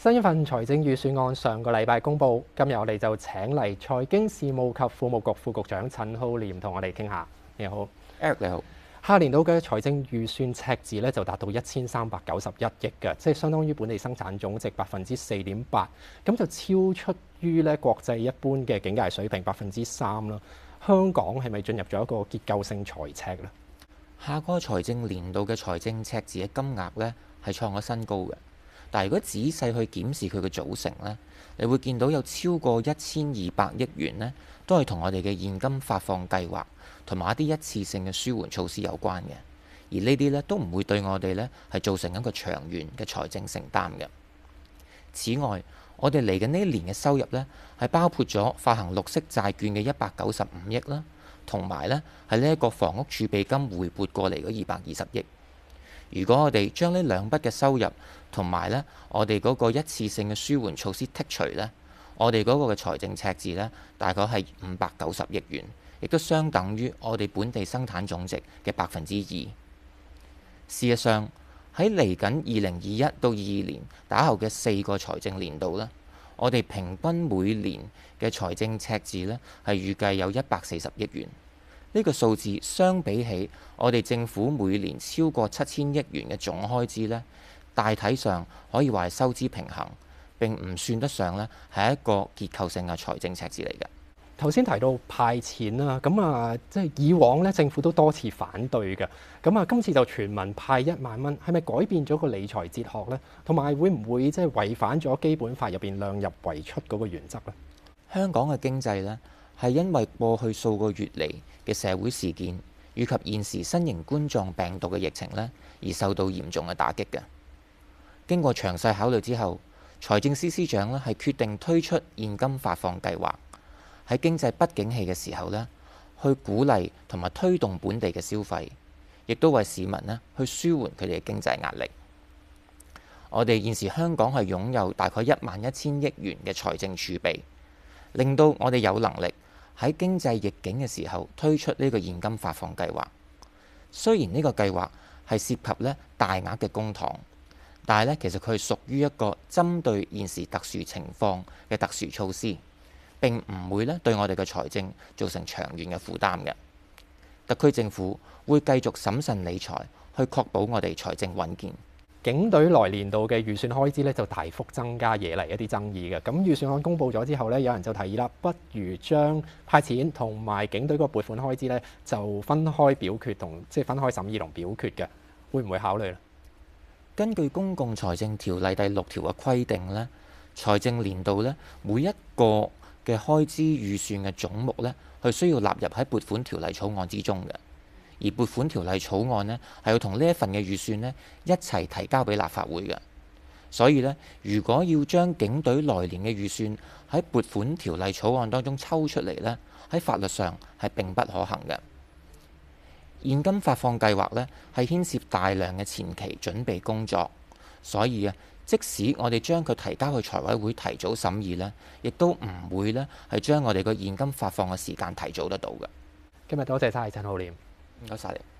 新一份財政預算案上個禮拜公布，今日我哋就請嚟財經事務及庫務局副局長陳浩濂同我哋傾下。你好，Eric，你好。下年度嘅財政預算赤字咧就達到一千三百九十一億嘅，即係相當於本地生產總值百分之四點八，咁就超出於咧國際一般嘅警戒水平百分之三啦。香港係咪進入咗一個結構性財赤咧？下個財政年度嘅財政赤字嘅金額咧係創咗新高嘅。但如果仔細去檢視佢嘅組成咧，你會見到有超過一千二百億元咧，都係同我哋嘅現金發放計劃同埋一啲一次性嘅舒緩措施有關嘅。而呢啲咧都唔會對我哋咧係造成一個長遠嘅財政承擔嘅。此外，我哋嚟緊呢一年嘅收入咧係包括咗發行綠色債券嘅一百九十五億啦，同埋咧係呢一個房屋儲備金回撥過嚟嗰二百二十億。如果我哋將呢兩筆嘅收入同埋呢，我哋嗰個一次性嘅舒緩措施剔除呢，我哋嗰個嘅財政赤字呢，大概係五百九十億元，亦都相等於我哋本地生產總值嘅百分之二。事實上，喺嚟緊二零二一到二二年打後嘅四個財政年度呢，我哋平均每年嘅財政赤字呢係預計有一百四十億元。呢個數字相比起我哋政府每年超過七千億元嘅總開支呢，大體上可以話係收支平衡，並唔算得上呢係一個結構性嘅財政赤字嚟嘅。頭先提到派錢啦，咁啊，即係以往呢政府都多次反對嘅，咁啊今次就全民派一萬蚊，係咪改變咗個理財哲學呢？同埋會唔會即係違反咗基本法入邊量入為出嗰個原則呢？香港嘅經濟呢，係因為過去數個月嚟嘅社會事件，以及現時新型冠狀病毒嘅疫情呢，而受到嚴重嘅打擊嘅。經過詳細考慮之後，財政司司長呢係決定推出現金發放計劃，喺經濟不景氣嘅時候呢，去鼓勵同埋推動本地嘅消費，亦都為市民呢去舒緩佢哋嘅經濟壓力。我哋現時香港係擁有大概一萬一千億元嘅財政儲備，令到我哋有能力，喺經濟逆境嘅時候推出呢個現金發放計劃，雖然呢個計劃係涉及咗大額嘅公帑，但係呢，其實佢係屬於一個針對現時特殊情況嘅特殊措施，並唔會咧，對我哋嘅財政造成長遠嘅負擔嘅。特區政府會繼續審慎理財，去確保我哋財政穩健。警隊來年度嘅預算開支咧就大幅增加，惹嚟一啲爭議嘅。咁預算案公布咗之後咧，有人就提議啦，不如將派錢同埋警隊嗰撥款開支咧就分開表決，同即係分開審議同表決嘅，會唔會考慮咧？根據公共財政條例第六條嘅規定咧，財政年度咧每一個嘅開支預算嘅總目咧，係需要納入喺撥款條例草案之中嘅。而撥款條例草案呢，係要同呢一份嘅預算呢一齊提交俾立法會嘅。所以呢，如果要將警隊來年嘅預算喺撥款條例草案當中抽出嚟呢，喺法律上係並不可行嘅。現金發放計劃呢，係牽涉大量嘅前期準備工作，所以啊，即使我哋將佢提交去財委會提早審議呢，亦都唔會呢係將我哋個現金發放嘅時間提早得到嘅。今日多謝晒陳浩濂。唔該晒你。